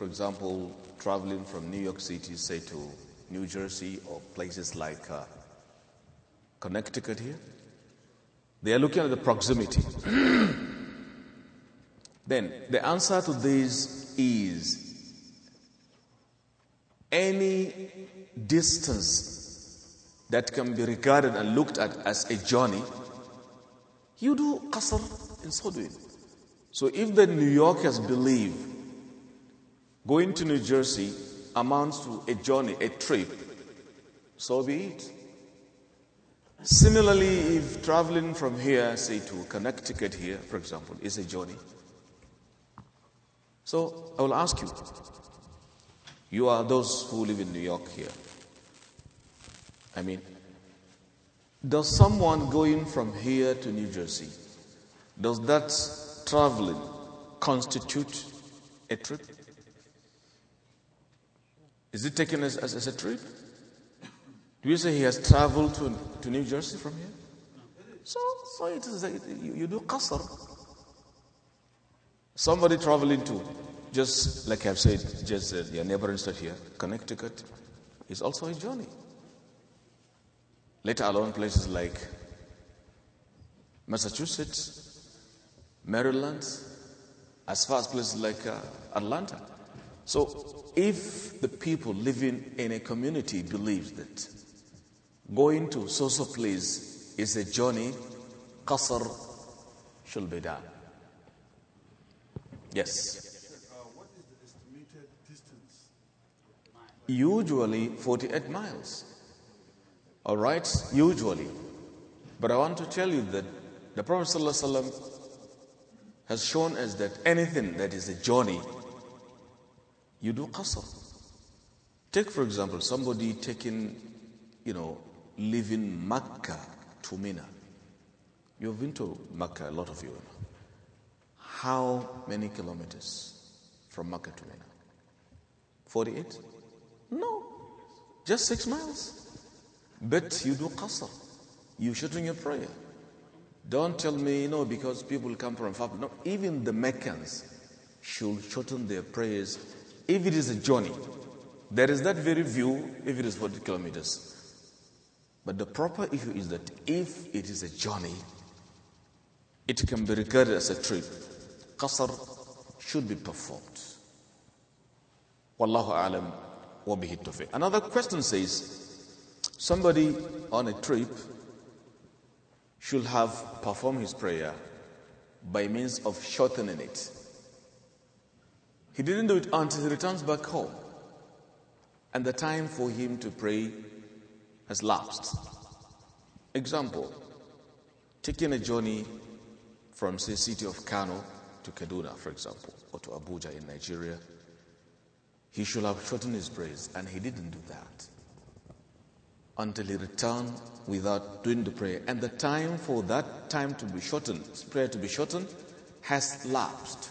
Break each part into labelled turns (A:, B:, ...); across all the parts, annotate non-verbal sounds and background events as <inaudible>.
A: for example, traveling from New York City, say, to New Jersey or places like uh, Connecticut here, they are looking at the proximity. <clears throat> then, the answer to this is any distance that can be regarded and looked at as a journey, you do qasr in so doing. So, if the New Yorkers believe Going to New Jersey amounts to a journey, a trip. So be it. Similarly, if traveling from here, say to Connecticut here, for example, is a journey. So I will ask you, you are those who live in New York here. I mean, does someone going from here to New Jersey, does that traveling constitute a trip? Is it taken as, as, as a trip? Do you say he has traveled to, to New Jersey from here? So, so it is, a, you, you do qasr. Somebody traveling to, just like I've said, just uh, your neighboring state here, Connecticut, is also a journey. Let alone places like Massachusetts, Maryland, as far as places like uh, Atlanta. So if the people living in a community believe that going to so-so place is a journey, qasr should be done. Yes. Usually 48 miles. All right, usually. But I want to tell you that the Prophet ﷺ has shown us that anything that is a journey you do qasr. Take, for example, somebody taking, you know, leaving Mecca to Mina. You've been to Mecca, a lot of you. How many kilometers from Mecca to Mina? 48? No, just six miles. But you do qasr. You shouldn't your prayer. Don't tell me no because people come from far. No, even the Meccans should shorten their prayers if it is a journey, there is that very view if it is 40 kilometers. But the proper issue is that if it is a journey, it can be regarded as a trip. Qasr should be performed. Wallahu alam wa bihi Another question says somebody on a trip should have performed his prayer by means of shortening it. He didn't do it until he returns back home. And the time for him to pray has lapsed. Example taking a journey from, say, city of Kano to Kaduna, for example, or to Abuja in Nigeria, he should have shortened his prayers, and he didn't do that until he returned without doing the prayer. And the time for that time to be shortened, prayer to be shortened, has lapsed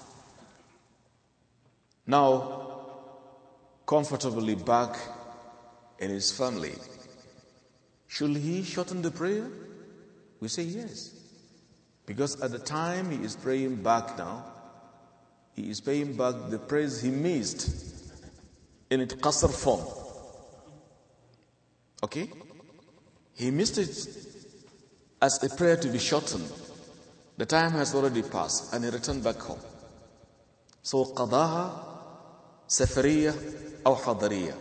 A: now comfortably back in his family. Should he shorten the prayer? We say yes. Because at the time he is praying back now, he is paying back the praise he missed in its qasr form. Okay? He missed it as a prayer to be shortened. The time has already passed and he returned back home. So qadaha safariyah or hadariyah.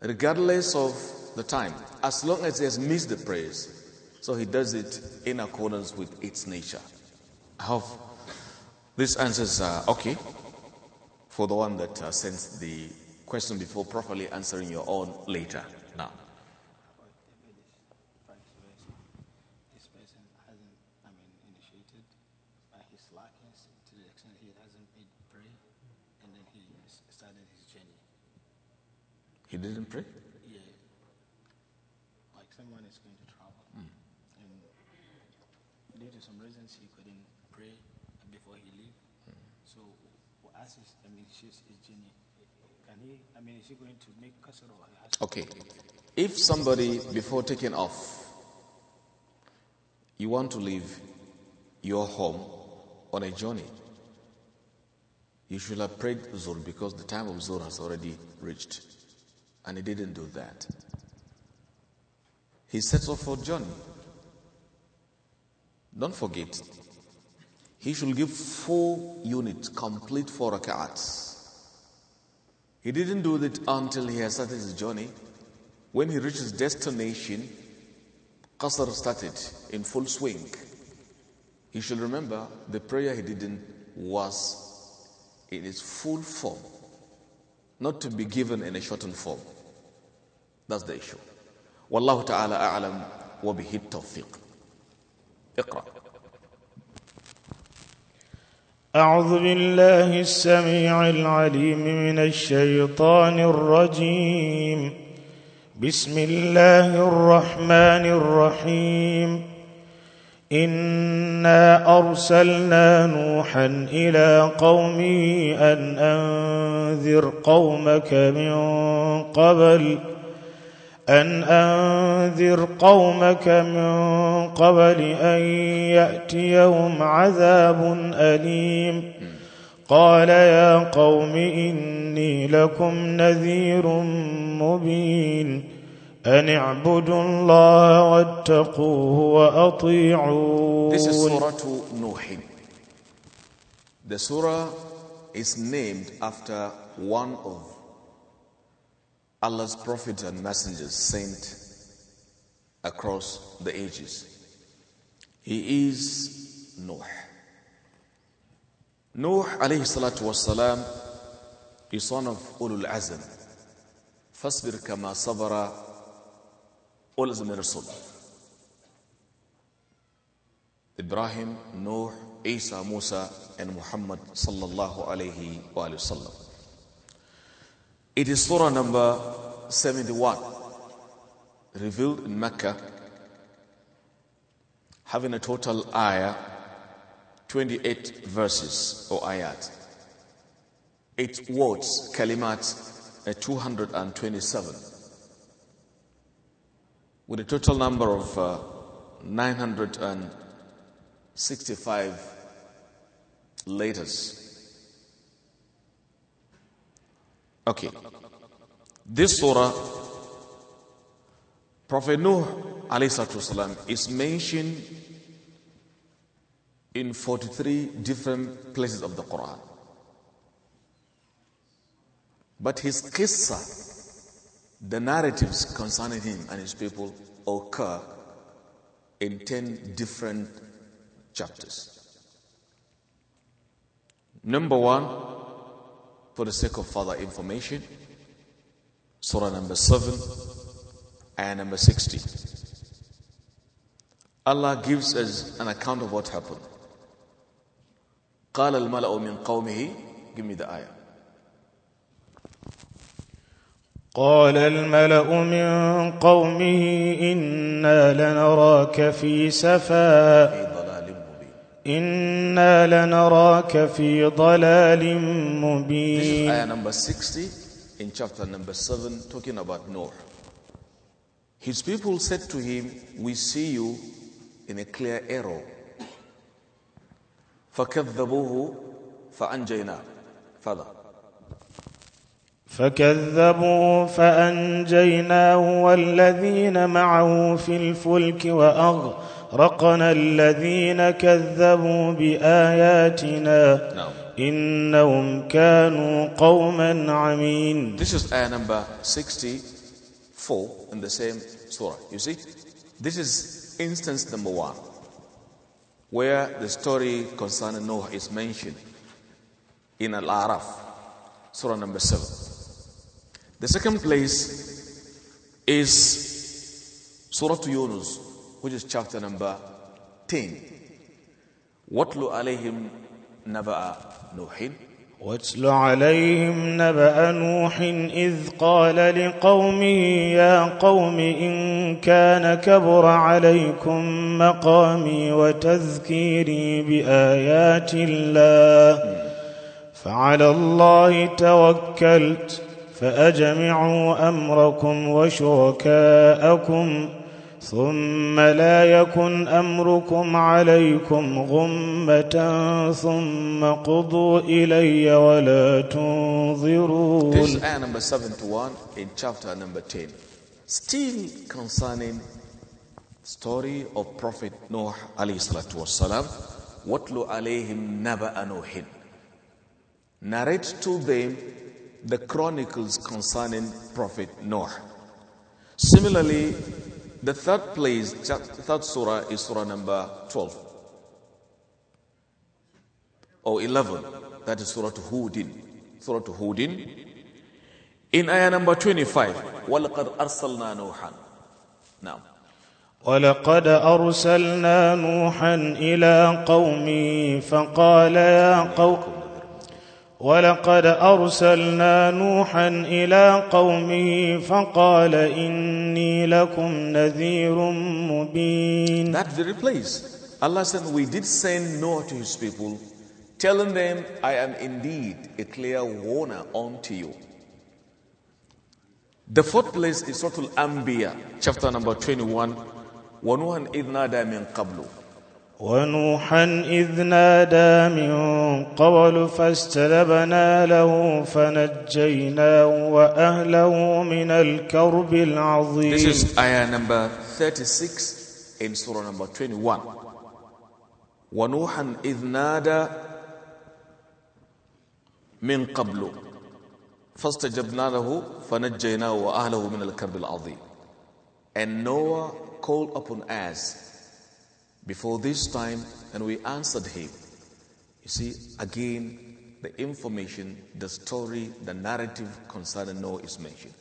A: Regardless of the time, as long as he has missed the prayers, so he does it in accordance with its nature. I hope these answers are okay for the one that uh, sends the question before properly answering your own later. Now. He didn't pray?
B: Yeah. Like someone is going to travel. Mm. And due to some reasons, he couldn't pray before he leave. Mm. So, as his, I mean, she's his genie. Can he, I mean, is he going to make kasar Okay. If somebody, before
A: taking off, you want to leave your home on a journey, you should have prayed zul because the time of zul has already reached. And he didn't do that. He settled for Johnny. Don't forget, he should give four units, complete four rak'ats. He didn't do that until he has started his journey. When he reaches destination, Qasr started in full swing. He should remember the prayer he didn't was in its full form, not to be given in a shortened form. That's the issue. Wallahu ta'ala a'lam wa bihi tawfiq.
B: اقرأ. أعوذ بالله السميع العليم من الشيطان الرجيم بسم الله الرحمن الرحيم إنا أرسلنا نوحا إلى قومه أن أنذر قومك من قبل ۖ أن أنذر قومك من قبل أن يأتيهم عذاب أليم قال يا قوم إني لكم نذير مبين أن اعبدوا الله واتقوه وأطيعون This is Surah
A: Nuh. The surah is named after one of Allah's prophet and messengers sent across the ages. He is Noah. Noah alayhi salatu wasalam is son of Ulul Azm. Fasbir kama sabara ul Rasul. Ibrahim, Noah, Isa, Musa, and Muhammad sallallahu alayhi wa sallam. It is surah number 71, revealed in Mecca, having a total ayah, 28 verses or ayat. Eight words, kalimat, 227, with a total number of uh, 965 letters. Okay. This surah, Prophet Nuh والسلام, is mentioned in 43 different places of the Quran. But his qissa, the narratives concerning him and his people, occur in 10 different chapters. Number one, for the sake of further information. Surah number 7 and number 60. Allah gives us an account of what happened. قال الملأ من قومه Give me the ayah.
B: قال الملأ من قومه إنا لنراك في سفاهة إنا لنراك في ضلال مبين This is ayah
A: number 60 in chapter number 7 talking about Noah. His people said to him, We see you in a clear arrow. فكذبوه فأنجينا Father.
B: فكذبوا فأنجيناه والذين معه في الفلك وأغرقناه أغرقنا الذين كذبوا بآياتنا إنهم كانوا قوما عمين This is
A: ayah number 64 in the same surah. You see, this is instance number one where the story concerning Noah is mentioned in Al-Araf, surah number 7. The second place is surah to Yunus, which is chapter number 10.
B: وَاتْلُ عَلَيْهِمْ نَبَأَ نُوحٍ واتل عليهم نبأ نوح إذ قال لقومه يا قوم إن كان كبر عليكم مقامي وتذكيري بآيات الله فعلى الله توكلت فأجمعوا أمركم وشركاءكم ثم لا يكن امركم عليكم غمه ثم قضوا الي ولا تنظرون This is ayah
A: number 71 in chapter number 10 still concerning story of prophet Noah عليه الصلاة والسلام watlu عليهم نبأ نوح narrate to them the chronicles concerning prophet Noah similarly The third place, third surah is surah number 12 or 11. That is surah to Hudin. Surah to Hudin. In ayah number 25, وَلَقَدْ أَرْسَلْنَا نُوحًا
B: Now. ولقد أرسلنا نوحا إلى قومه فقال يا قوم ولقد أرسلنا نوحا إلى قومه فقال إني لكم نذير مبين That
A: very place. Allah said, we did send Noah to his people, telling them, I am indeed a clear warner unto you. The fourth place is Surah Al-Anbiya, chapter number 21. وَنُوحًا إِذْ نَادَى مِنْ قبله
B: ونوحا إذ نادى من قبل فاستلبنا له فنجيناه وأهله من الكرب العظيم This is ayah
A: number 36 in surah number 21 ونوحا إذ نادى من قبل فاستجبنا له فنجيناه وأهله من الكرب العظيم And Noah called upon us before this time and we answered him. You see, again, the information, the story, the narrative concerning Noah is mentioned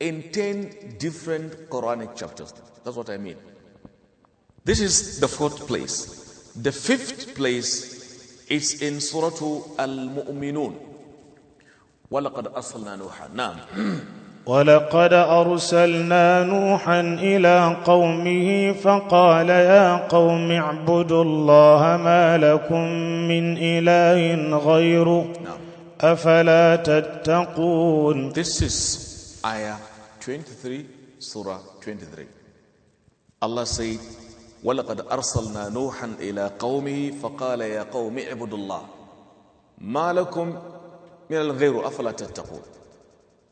A: in 10 different Quranic chapters. That's what I mean. This is the fourth place. The fifth place is in Surah Al Mu'minun.
B: وَلَقَدْ أَصَلْنَا
A: نُوحًا
B: ولقد ارسلنا نوحا الى قومه فقال يا قوم اعبدوا الله ما لكم من اله غيره نعم. افلا تتقون
A: This is ayah 23 surah 23 Allah said ولقد ارسلنا نوحا الى قومه فقال يا قوم اعبدوا الله ما لكم من الغير افلا تتقون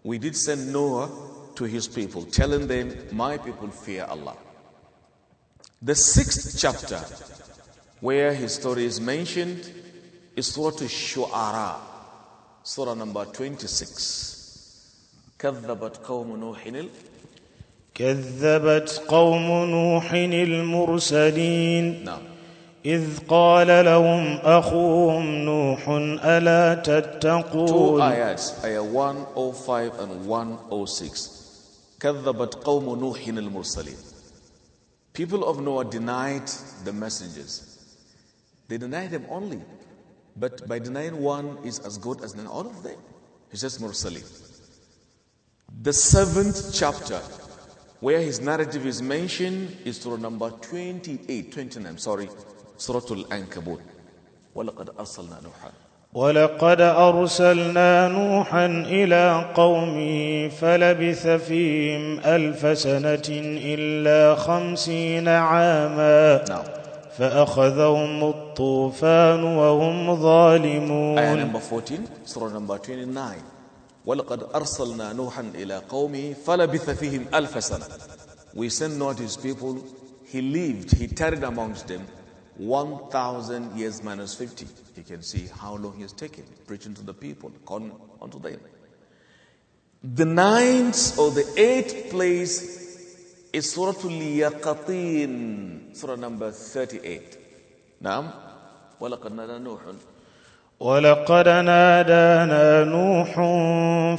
A: We did send Noah to his people, telling them, My people fear Allah. The sixth chapter, where his story is mentioned, is Surah Shu'ara, Surah number 26. كذبت قوم نوح
B: كذبت قوم نوح المرسلين نعم إذ قال لهم أخوهم نوح ألا تتقون Two ayats,
A: ayah 105 and 106 كذبت قوم نوح المرسلين People of Noah denied the messengers. They denied them only. But by denying one is as good as denying All of them. He says Mursalim. The seventh chapter where his narrative is mentioned is through number 28, 29, sorry, سورة الأنكبوت ولقد أرسلنا نوحا
B: ولقد أرسلنا نوحا إلى قومه فلبث فيهم ألف سنة إلا خمسين عاما نعم فأخذهم الطوفان وهم ظالمون آية نمبر
A: 14 سورة نمبر 29 ولقد أرسلنا نوحا إلى قومه فلبث فيهم ألف سنة We send not his people He lived, he tarried amongst them 1,000 years minus 50. You can see how long he's taken preaching to the people, calling unto them. The ninth or the eighth place is Surah Al-Yaqatin, Surah number 38. Now, وَلَقَدْ نَادَى نُوحٌ
B: نادانا نوح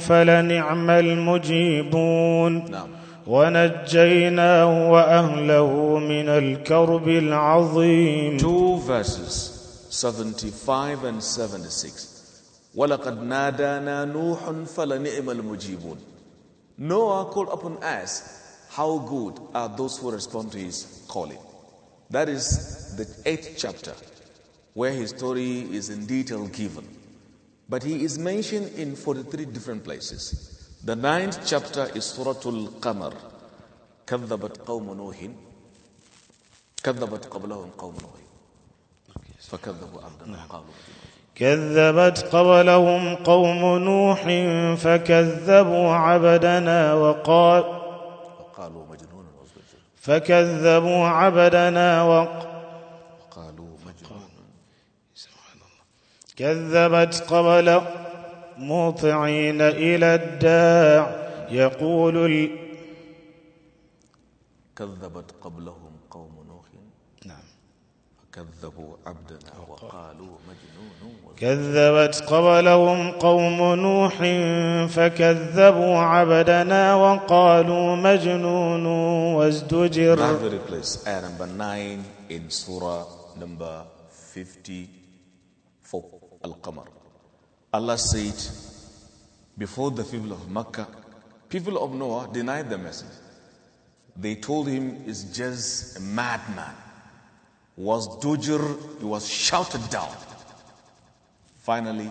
B: فلنعم المجيبون نعم ونجيناه وأهله من الكرب العظيم Two verses
A: 75 and 76 ولقد نادانا نوح فلنعم المجيبون Noah called upon us how good are those who respond to his calling That is the eighth chapter where his story is in detail given but he is mentioned in 43 different places The ninth chapter is Surah Al-Qamar. كذبت قوم نوح كذبت قبلهم قوم نوح
B: فكذبوا عبدنا نعم. وقالوا كذبت قبلهم قوم نوح فكذبوا عبدنا وقال وقالوا مجنون فكذبوا عبدنا وق وقالوا مجنون سبحان الله كذبت قبلهم مطعين إلى الداع يقول ال...
A: كذبت قبلهم قوم نوح نعم كذبوا عبدنا وقالوا
B: مجنون كذبت قبلهم قوم نوح فكذبوا عبدنا وقالوا مجنون وازدجر Now
A: we replace ayah number 9 in surah number 54 القمر Allah said, before the people of Makkah, people of Noah denied the message. They told him it's just a madman. Was dojir, he was shouted down. Finally,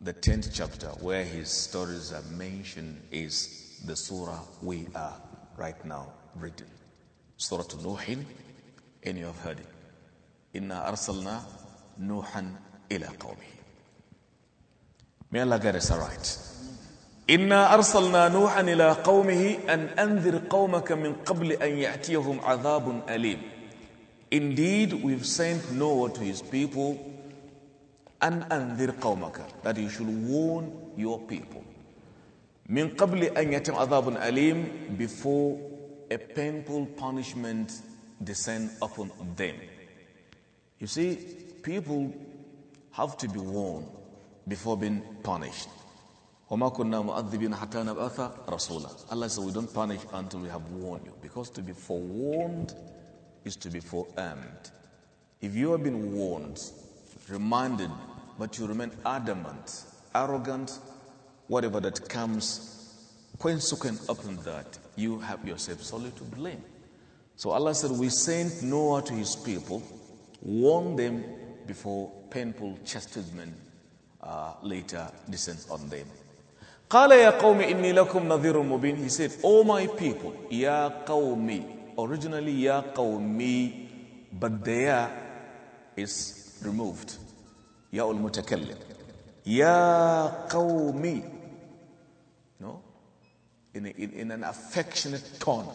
A: the 10th chapter where his stories are mentioned is the surah we are right now reading. Surah to Nuhin, and you have heard it. Inna arsalna Nuhan ila qawmihi. May Allah get us all إنا أرسلنا نوحا إلى قومه أن أنذر قومك من قبل أن يأتيهم عذاب أليم Indeed, we've sent Noah to his people أن أنذر قومك that you should warn your people من قبل أن يأتيهم عذاب أليم before a painful punishment descend upon them. You see, people have to be warned before being punished. وَمَا كُنَّا حَتَّى Allah says we don't punish until we have warned you. Because to be forewarned is to be forearmed. If you have been warned, reminded, but you remain adamant, arrogant, whatever that comes, can open that, you have yourself solely to blame. So Allah said, We sent Noah to his people, warned them before painful chastisement uh, later descends on them. قال يا قوم إني لكم نذير مبين He said, "O my people, يا قومي Originally, يا قومي But there is removed. يا المتكلم يا قومي No? In, a, in, in an affectionate tone.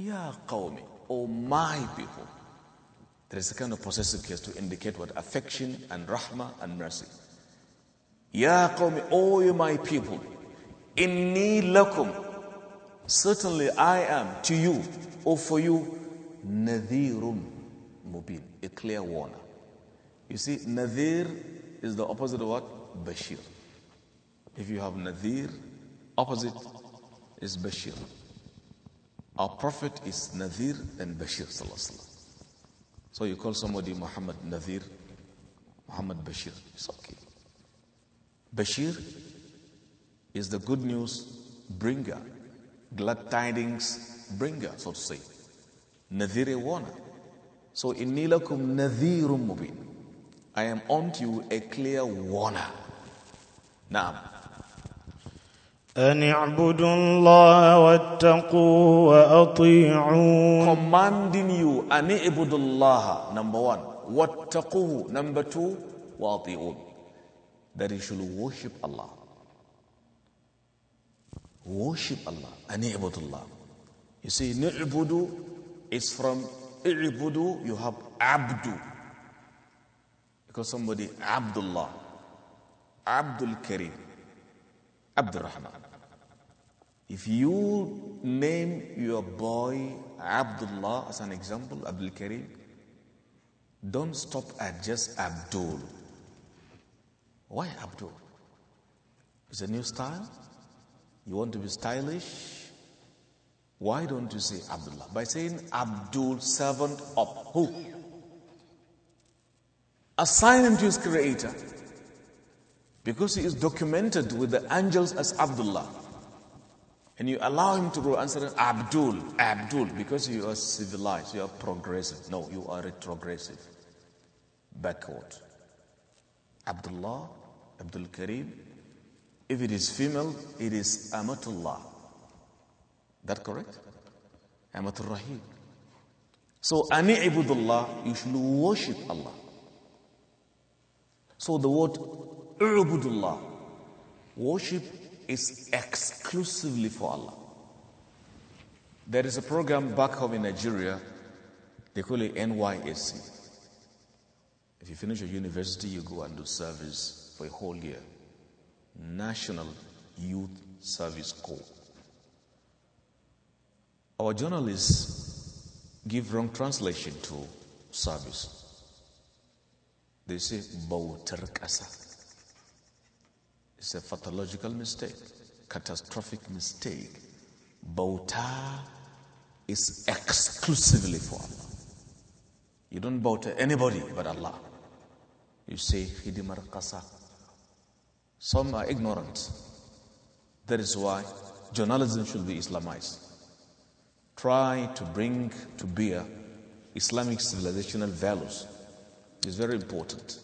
A: يا قومي O my people. There is a kind of possessive case to indicate what affection and rahmah and mercy. Ya qawmi, O you my people, inni lakum, certainly I am to you or for you, nadhirun mubin, a clear warner. You see, nadhir is the opposite of what? Bashir. If you have nadhir, opposite is Bashir. Our prophet is Nadir and Bashir. So you call somebody Muhammad Nadir, Muhammad Bashir. It's okay. Bashir is the good news bringer, glad tidings bringer, so to say. Nadhir wana, So innilakum nadhirum mubin. I am unto you a clear warner. Naam.
B: أن اعبدوا الله واتقوا وأطيعون commanding you أن اعبدوا الله number one
A: واتقوه number two وأطيعون that he should worship Allah. Worship Allah. Anibudullah. You see, ni'budu is from i'budu, you have abdu. Because somebody, Abdullah, Abdul Karim, Abdul Rahman. If you name your boy Abdullah as an example, Abdul Karim, don't stop at just Abdul. Why Abdul? It's a new style? You want to be stylish? Why don't you say Abdullah? By saying Abdul, servant of who? Assign him to his creator. Because he is documented with the angels as Abdullah. And you allow him to go answer Abdul, Abdul, because you are civilized, you are progressive. No, you are retrogressive, backward. Abdullah Abdul Karim. If it is female, it is Amatullah. That correct? Amatul Rahim. So, Ani Ibudullah, you should worship Allah. So, the word Ubudullah, worship is exclusively for Allah. There is a program back home in Nigeria, they call it NYSC. If you finish your university, you go and do service for a whole year. National Youth Service Corps. Our journalists give wrong translation to service. They say Bautar Kasa. It's a pathological mistake, catastrophic mistake. Bauta is exclusively for Allah. You don't bow to anybody but Allah. You say Hidimar kasa." Some are ignorant. That is why journalism should be Islamized. Try to bring to bear Islamic civilizational values. It's very important.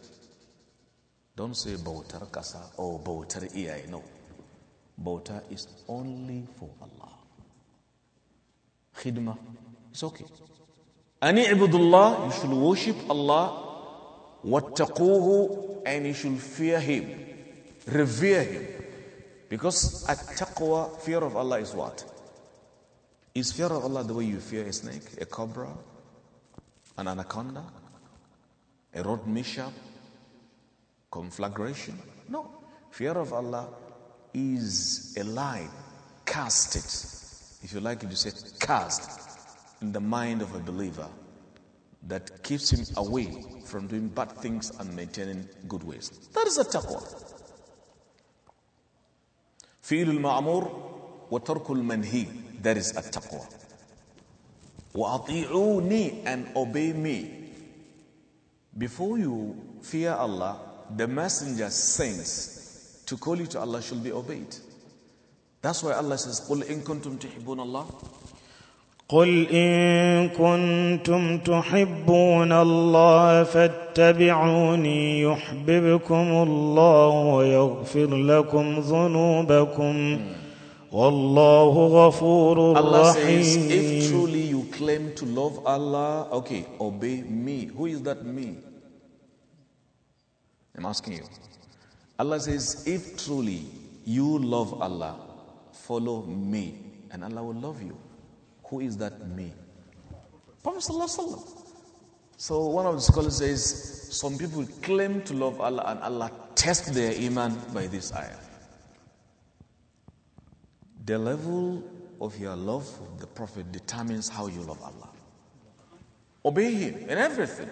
A: Don't say bautar kasa or bautar iyai. No. Bauta is only for Allah. Khidma, is okay. Ani ibadullah, you should worship Allah. Wattaquhu, and you should fear Him. Revere Him. Because at taqwa, fear of Allah is what? Is fear of Allah the way you fear a snake, a cobra, an anaconda, a road mishap, conflagration? No. Fear of Allah is a line cast it. If you like it, you say cast in the mind of a believer that keeps him away from doing bad things and maintaining good ways. That is a taqwa. فعل المعمور وترك Manhi. that is التقوى وأطيعوني and obey me before you fear Allah the messenger sends to call you to Allah should be obeyed that's why Allah says قل إن كنتم تحبون Allah?"
B: قل ان كنتم تحبون الله فاتبعوني يحببكم الله ويغفر لكم ذنوبكم والله غفور رحيم الله says if truly
A: you claim to love Allah okay obey me who is that me I'm asking you Allah says if truly you love Allah follow me and Allah will love you Who is that me? Prophet So one of the scholars says, some people claim to love Allah and Allah tests their iman by this ayah. The level of your love for the Prophet determines how you love Allah. Obey Him in everything.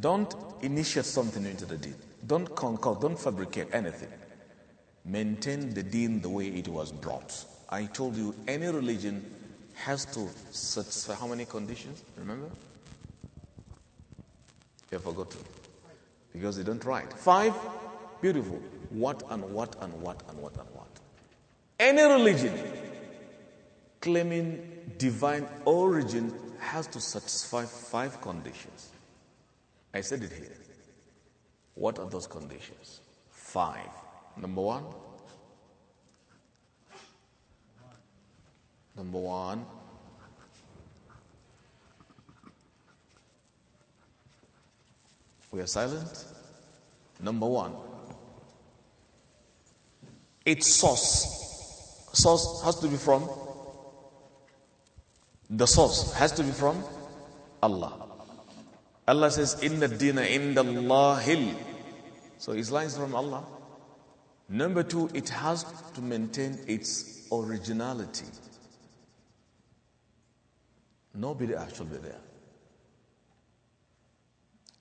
A: Don't initiate something into the deed. Don't concoct, don't fabricate anything. Maintain the deen the way it was brought. I told you, any religion has to satisfy how many conditions? Remember? You have forgotten. Because they don't write. Five, beautiful. What and what and what and what and what. Any religion claiming divine origin has to satisfy five conditions. I said it here. What are those conditions? Five. Number one, number one. We are silent. Number one, its source. Source has to be from the source has to be from Allah. Allah says, "In Inna dina inda Allahil. So it's lines from Allah. Number two, it has to maintain its originality. No bid'ah should be there.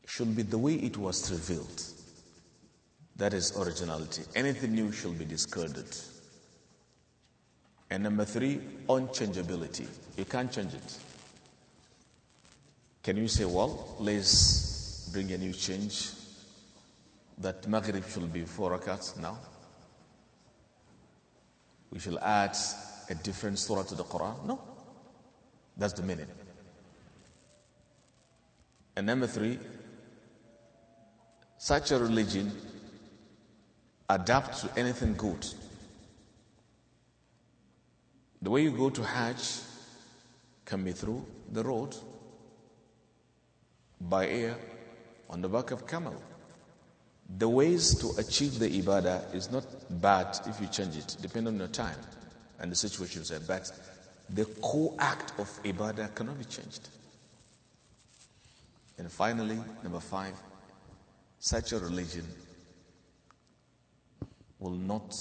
A: Should be the way it was revealed. That is originality. Anything new should be discarded. And number three, unchangeability. You can't change it. Can you say, well, let's bring a new change that Maghrib should be four rakats now? We shall add a different surah to the Quran? No. That's the meaning. And number three, such a religion adapts to anything good. The way you go to Hajj can be through the road, by air, on the back of camel. The ways to achieve the ibadah is not bad if you change it, depending on your time and the situation. But the core act of ibadah cannot be changed. And finally, number five, such a religion will not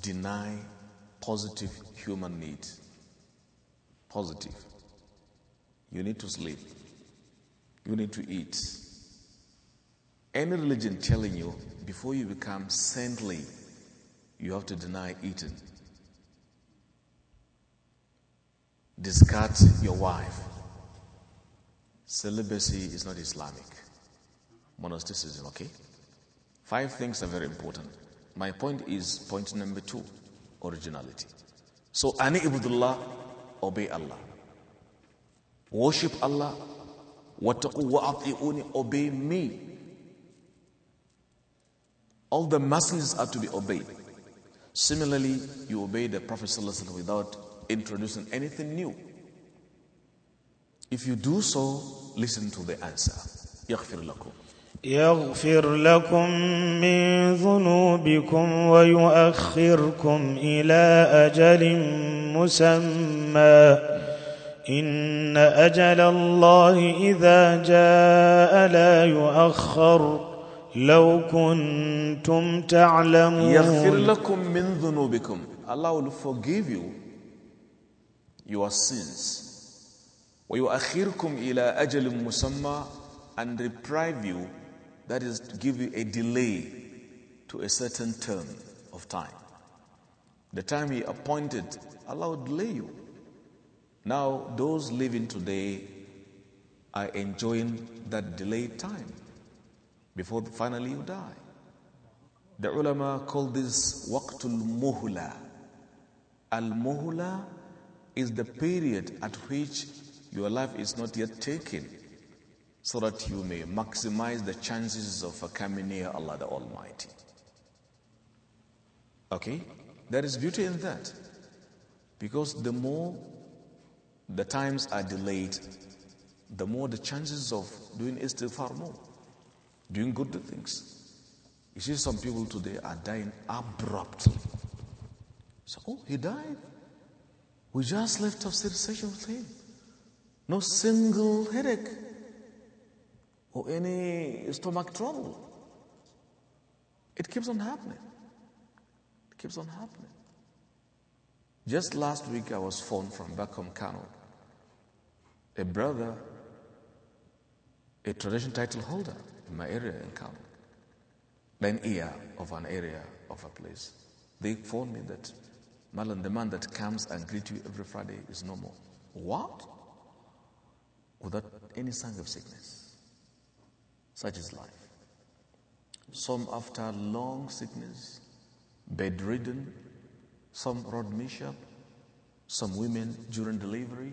A: deny positive human needs. Positive. You need to sleep. You need to eat. Any religion telling you before you become saintly, you have to deny eating discard your wife. Celibacy is not Islamic. Monasticism, okay? Five things are very important. My point is point number two originality. So, Ani Ibdullah, obey Allah. Worship Allah. Obey me. All the messengers are to be obeyed. Similarly, you obey the Prophet without introducing anything new. If you do so, listen to the answer. يغفر لكم
B: يغفر لكم من ذنوبكم ويؤخركم إلى أجل مسمى إن أجل الله إذا جاء لا يؤخر لو كنتم تعلمون يغفر لكم
A: من ذنوبكم Allah will forgive you your sins. وَيُؤَخِّرْكُمْ إِلَىٰ أَجَلٍ مُسَمَّى And deprive you, that is to give you a delay to a certain term of time. The time He appointed, Allah will delay you. Now, those living today are enjoying that delayed time before finally you die. The ulama call this waqtul muhla. Al muhla is the period at which your life is not yet taken so that you may maximize the chances of coming near Allah the Almighty. Okay? There is beauty in that because the more the times are delayed, the more the chances of doing istighfar more, doing good things. You see, some people today are dying abruptly. So, oh, he died. We just left tafsir session with him. No single headache or any stomach trouble. It keeps on happening. It keeps on happening. Just last week, I was phoned from back home, Kano. A brother, a tradition title holder in my area in Kano, an ear of an area of a place. They phoned me that Malan, the man that comes and greets you every Friday is no more. What? Without any sign of sickness. Such is life. Some after long sickness, bedridden, some road mishap, some women during delivery.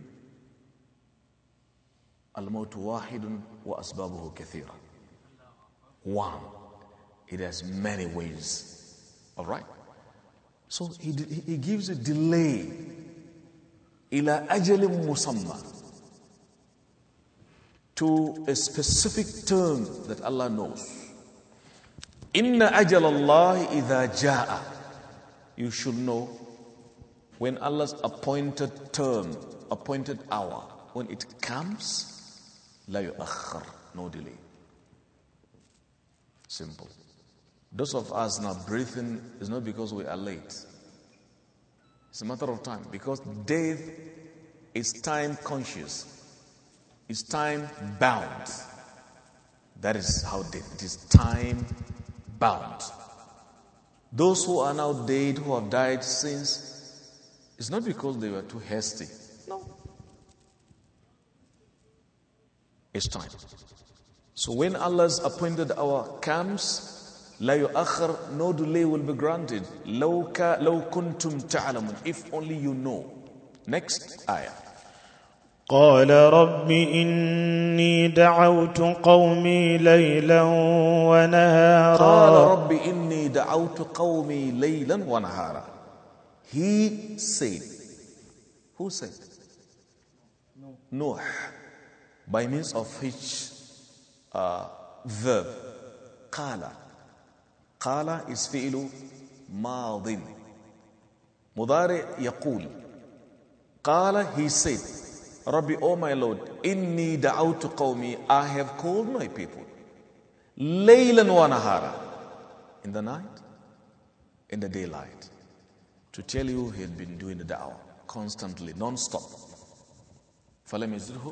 A: الموت wa asbabuhu كثيرة. One. It has many ways. All right? So he, he gives a delay. Ila ajalim musamma. To a specific term that Allah knows. Inna ajal Allah idha ja'a. You should know when Allah's appointed term, appointed hour, when it comes, la yu'akhir, no delay. Simple. Those of us now breathing is not because we are late. It's a matter of time because death is time conscious, it's time bound. That is how death it is time bound. Those who are now dead, who have died since, it's not because they were too hasty. No. It's time. So when Allah's appointed our camps. لا يؤخر no delay will be granted لو ك لو كنتم تعلمون if only you know next آية
B: قال رب إني دعوت قومي ليلا ونهارا قال رب إني دعوت قومي ليلا
A: ونهارا he said who said Noah by means of which uh, verb قال قال is فعل ماض مضارع يقول قال he said Rabbi O oh my Lord إني دعوت قومي I have called my people ليلا ونهارا in the night in the daylight to tell you he had been doing the da'wah constantly non-stop فلم يزده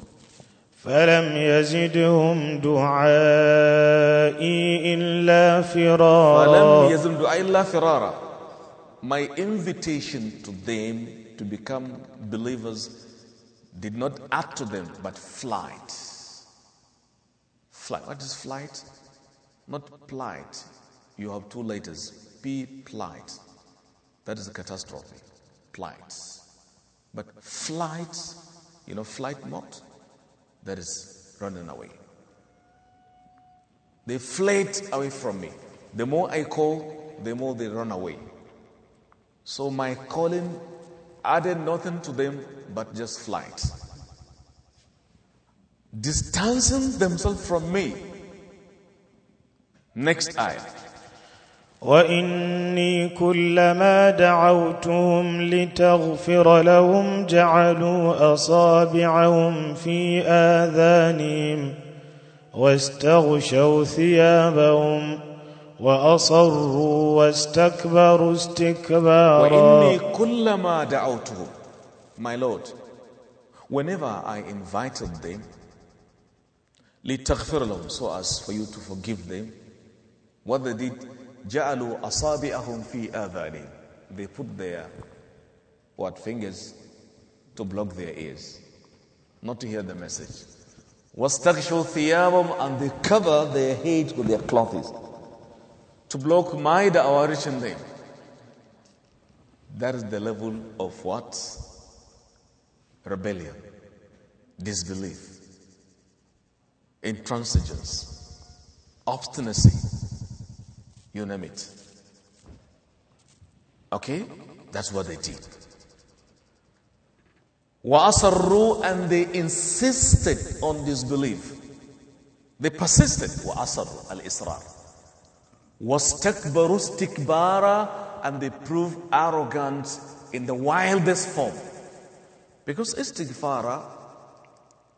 B: فلم يزدهم دعائي إلا فرارا فلم يزدهم
A: دعائي إلا فرارا My invitation to them to become believers did not add to them but flight. Flight. What is flight? Not plight. You have two letters. P plight. That is a catastrophe. Plight. But flight, you know, flight mode that is running away. They fled away from me. The more I call, the more they run away. So my calling added nothing to them but just flight.
B: Distancing themselves from me.
A: Next ayah.
B: واني كلما دعوتهم لتغفر لهم جعلوا اصابعهم في اذانهم واستغشوا ثيابهم واصروا واستكبروا استكبارا واني
A: كلما دعوتهم my lord whenever i invited them لتغفر لهم so as for you to forgive them what they did They put their what fingers to block their ears, not to hear the message. وَاسْتَغْشُوا ثِيَابَهُمْ And they cover their heads with their clothes to block my da'wah reaching them. That is the level of what? Rebellion, disbelief, intransigence, obstinacy. You name it. Okay? That's what they did. وَأَصَرُّوا And they insisted on disbelief. They persisted. وَأَصَرُّوا Al-Israr. وَاسْتَكْبَرُوا اسْتِكْبَارًا And they proved arrogant in the wildest form. Because istighfara,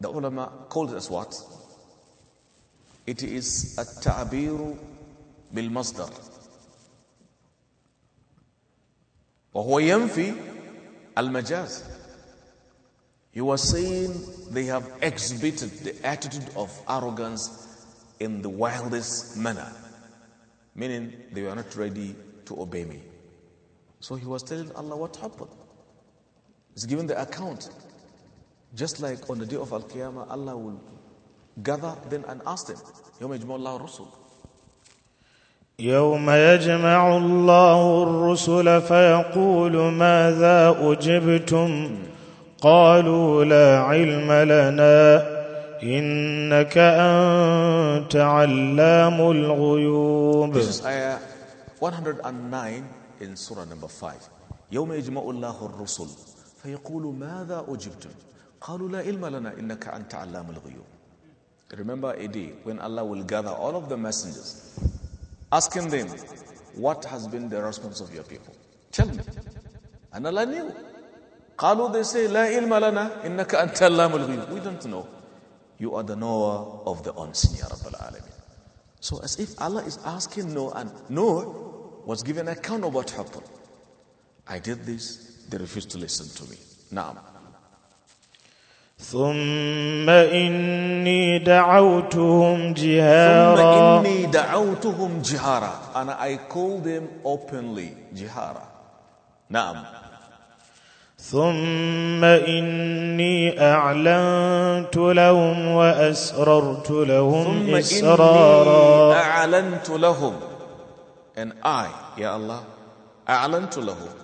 A: the ulama called it as what? It is a ta'biru بالمصدر وهو ينفي المجاز he was saying they have exhibited the attitude of arrogance in the wildest manner meaning they were not ready to obey me so he was telling Allah what happened he's giving the account just like on the day of Al-Qiyamah Allah will gather them and ask them يوم يجمع الله
B: الرسل يوم يجمع الله الرسل فيقول ماذا اجبتم قالوا لا علم لنا انك انت علام الغيوب This is
A: ayah 109 in surah number 5 يوم يجمع الله الرسل فيقول ماذا اجبتم قالوا لا علم لنا انك انت علام الغيوب Remember a day when Allah will gather all of the messengers asking them, What has been the response of your people? Tell me. And Allah knew. قالوا they say لا علم لنا إنك أنت اللام الغيب we don't know you are the knower of the unseen يا رب العالمين so as if Allah is asking Noah and Noah was given account of what happened I did this they refused to listen to me نعم
B: ثم إني دعوتهم جهارا ثم إني
A: دعوتهم جهارا and I called them openly جهارا نعم
B: ثم إني أعلنت لهم وأسررت لهم ثم إسرارا إني
A: أعلنت لهم and I يا الله أعلنت لهم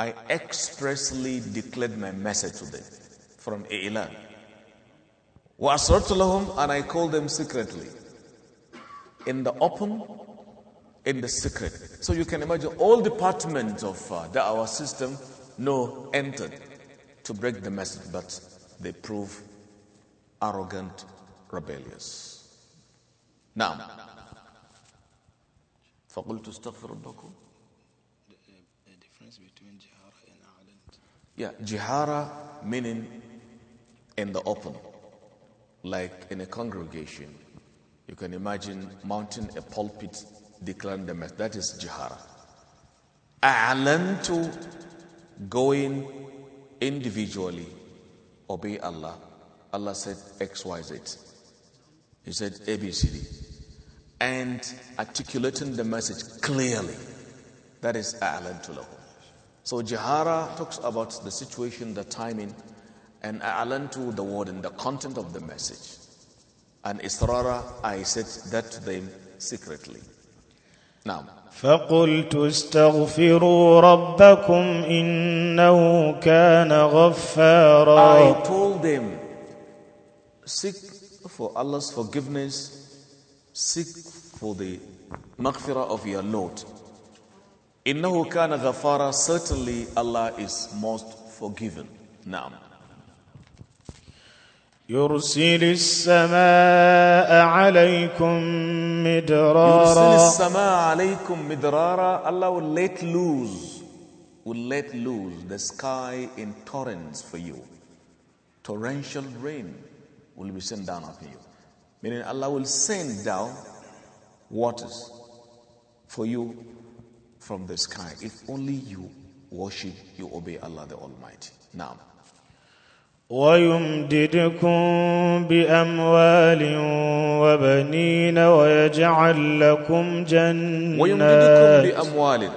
A: I expressly declared my message to them from Ilan. وَأَسْرَرْتُ And I called them secretly. In the open, in the secret. So you can imagine all departments of uh, the, our system know entered to break the message, but they prove arrogant, rebellious. Now, فقلت استغفر ربكم
B: the difference between jihara and alan
A: yeah jihara meaning in the open, like in a congregation. You can imagine mounting a pulpit declaring the message. That is jihara. to going individually, obey Allah. Allah said X, Y, Z. He said A, B, C, D. And articulating the message clearly. That is a'lantu lahum. So jihara talks about the situation, the timing, and I learned to the word and the content of the message. And Israra, I said that to them secretly.
B: Now, فقلت استغفروا ربكم إنه كان غفارا I
A: told them seek for Allah's forgiveness seek for the maghfirah of your Lord إنه كان غفارا certainly Allah is most forgiven now
B: يرسل السماء عليكم مدرارا يرسل
A: السماء عليكم مدرارا Allah will let loose will let loose the sky in torrents for you torrential rain will be sent down upon you meaning Allah will send down waters for you from the sky if only you worship you obey Allah the Almighty
B: now ويمددكم بأموال وبنين ويجعل لكم جنات ويمددكم
A: بأموال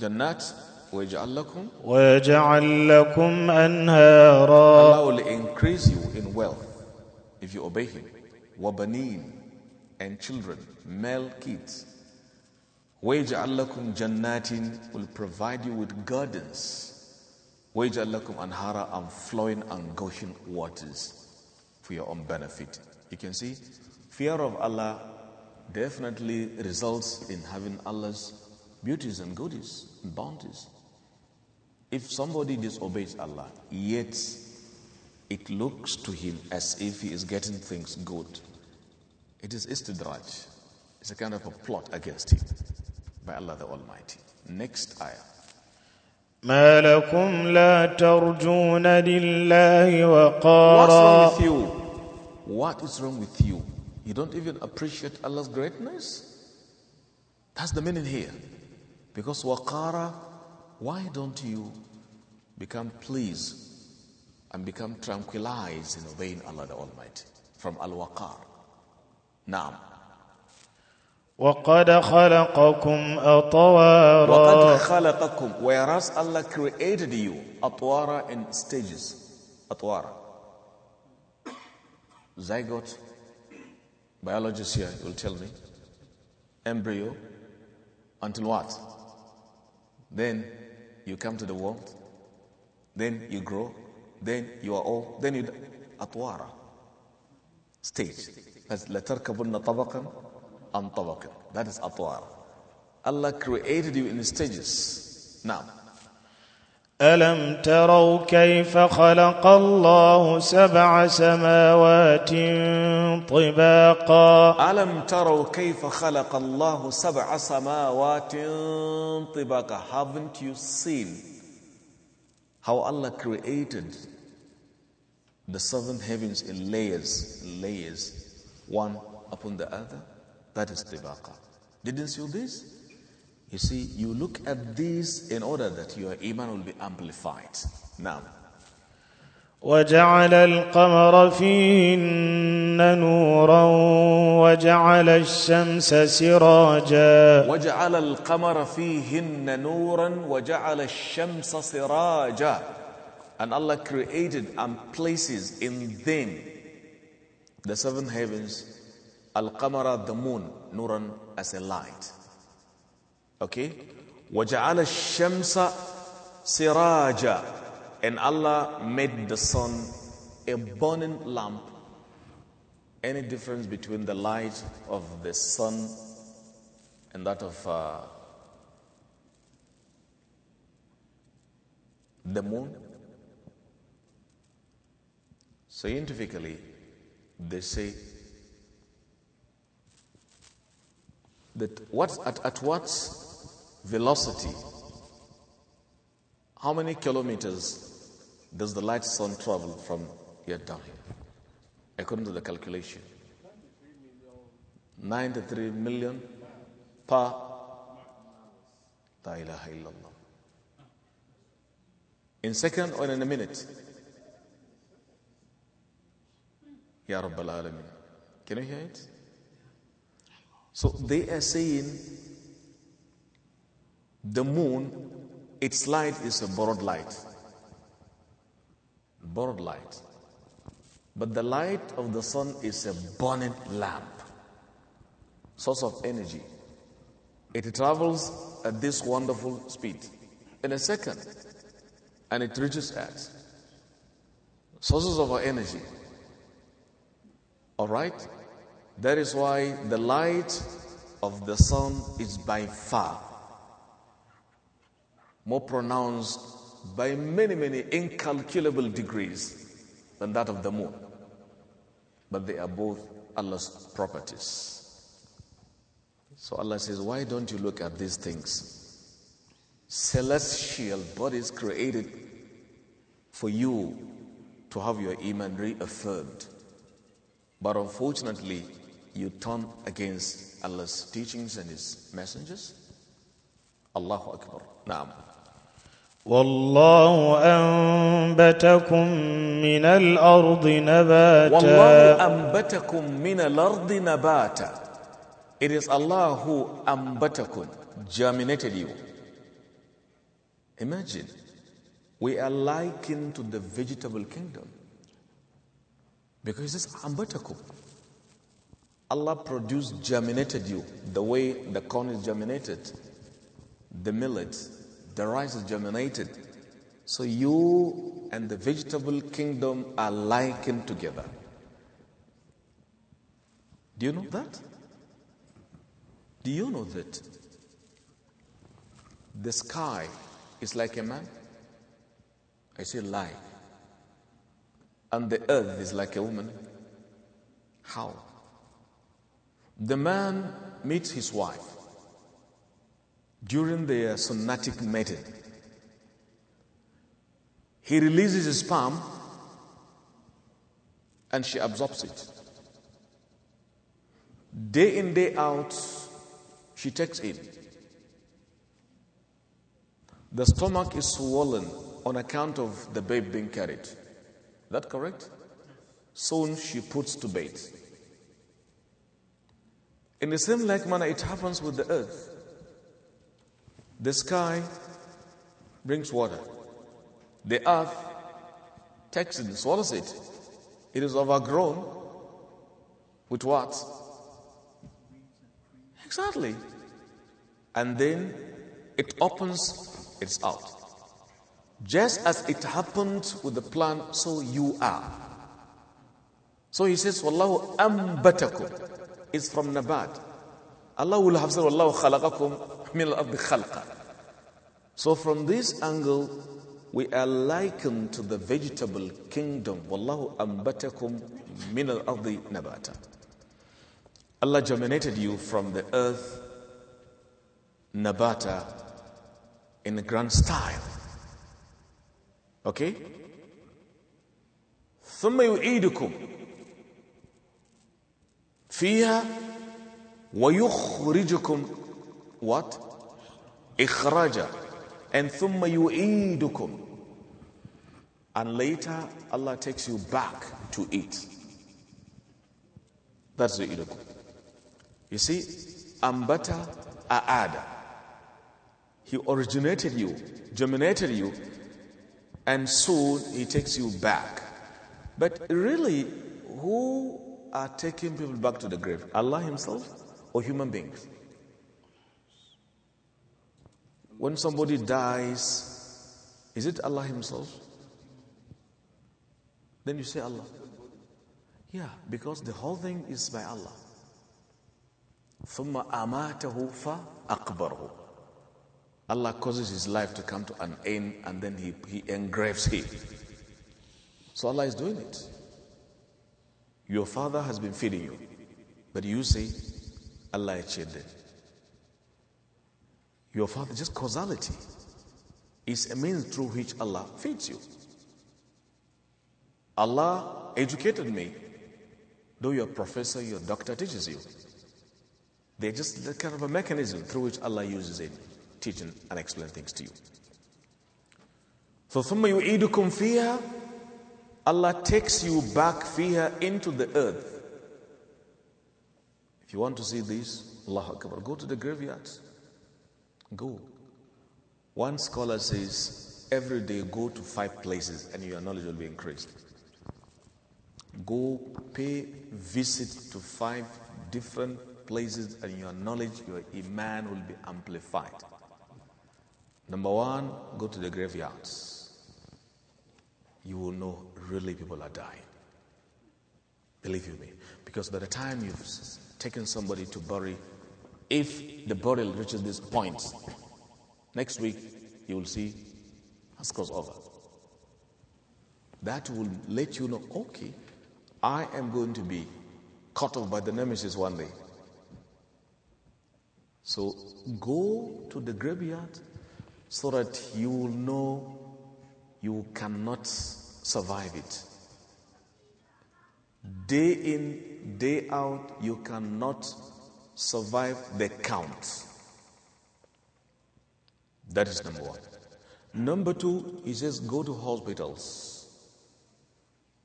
A: جنات ويجعل لكم
B: ويجعل لكم أنهارا Allah will
A: increase you in wealth if you obey him وبنين and children male kids ويجعل لكم جنات will provide you with gardens Wajalakum anhara and flowing and gushing waters for your own benefit. You can see, fear of Allah definitely results in having Allah's beauties and goodies and bounties. If somebody disobeys Allah, yet it looks to him as if he is getting things good, it is istidraj. It's a kind of a plot against him by Allah the Almighty. Next ayah.
B: ما لكم لا ترجون لله وقارا What's
A: wrong with you? What is wrong with you? You don't even appreciate Allah's greatness? That's the meaning here. Because waqara, why don't you become pleased and become tranquilized in obeying Allah the Almighty from al-waqar? Now,
B: وقد خلقكم أطوارا وقد
A: خلقكم whereas Allah created you أطوارا in stages أطوارا zygote biologists here will tell me embryo until what then you come to the world then you grow then you are old then you أطوارا stage لتركبن طبقا on That is atwar. Allah created you in
B: stages. Now. ألم تروا كيف خلق الله سبع سماوات طباقا ألم
A: تروا كيف خلق الله سبع سماوات طباقا Haven't you seen how Allah created the seven heavens in layers, layers, one upon the other? That is tibaqa. Didn't you this? You see, you look at this in order that your iman will be amplified.
B: Now. وجعل القمر فيهن نورا وجعل الشمس سراجا
A: وجعل القمر فيهن نورا وجعل الشمس سراجا and Allah created and places in them the seven heavens Al-Qamara, the moon, Nuran, as a light. Okay? وَجَعَلَ الشَّمْسَ siraja. And Allah made the sun a burning lamp. Any difference between the light of the sun and that of uh, the moon? Scientifically, they say That what at, at what velocity? How many kilometers does the light sun travel from here down here? According to the calculation. 93 million per La ilaha illallah. In second or in a minute? Ya Rabbal Alameen. Can you hear it? So they are saying the moon, its light is a borrowed light. Borrowed light. But the light of the sun is a burning lamp, source of energy. It travels at this wonderful speed in a second, and it reaches us. Sources of our energy. All right? That is why the light of the sun is by far more pronounced by many, many incalculable degrees than that of the moon. But they are both Allah's properties. So Allah says, Why don't you look at these things? Celestial bodies created for you to have your iman reaffirmed. But unfortunately, you turn against Allah's teachings and His messengers? Allahu Akbar.
B: Naam. والله أنبتكم من الأرض نباتا والله
A: أنبتكم من الأرض نباتا It is Allah who أنبتكم germinated you Imagine we are likened to the vegetable kingdom because says أنبتكم Allah produced, germinated you the way the corn is germinated, the millet, the rice is germinated. So you and the vegetable kingdom are likened together. Do you know that? Do you know that? The sky is like a man. I say lie. And the earth is like a woman. How? The man meets his wife during their sonatic mating. He releases his palm, and she absorbs it. Day in, day out, she takes in. The stomach is swollen on account of the babe being carried. That correct? Soon she puts to bed. In the same like manner, it happens with the earth. The sky brings water, the earth takes it and swallows it. It is overgrown with what? Exactly. And then it opens its out. Just as it happened with the plant, so you are. So he says, Wallahu ambatakum is from Nabat. Allah will have said, Wallahu khalaqakum min al khalqa. So from this angle, we are likened to the vegetable kingdom. Wallahu ambatakum min al nabata. Allah germinated you from the earth nabata in a grand style. Okay? ثم يعيدكم فيها ويخرجكم what إخراجا and ثم يعيدكم and later Allah takes you back to it that's the idukum you see أنبتَأَ aada he originated you germinated you and soon he takes you back but really who are taking people back to the grave? Allah Himself or human beings? When somebody dies, is it Allah Himself? Then you say Allah. Yeah, because the whole thing is by Allah. ثم أماته فأقبره Allah causes his life to come to an end and then he, he engraves it. So Allah is doing it. Your father has been feeding you, but you say, Allah chidden. Your father, just causality, is a means through which Allah feeds you. Allah educated me, though your professor, your doctor teaches you. They're just the kind of a mechanism through which Allah uses it, teaching and explaining things to you. So, ثم يعيدكم فيها Allah takes you back fear into the earth. If you want to see this, Allah Akbar, go to the graveyards. Go. One scholar says, every day go to five places and your knowledge will be increased. Go pay visit to five different places and your knowledge, your iman will be amplified. Number one, go to the graveyards you will know really people are dying. Believe you me. Because by the time you've taken somebody to bury, if the burial reaches this point, next week you will see has crossed over. That will let you know, okay, I am going to be cut off by the nemesis one day. So go to the graveyard so that you will know you cannot survive it. Day in, day out, you cannot survive the count. That is number one. Number two, he says go to hospitals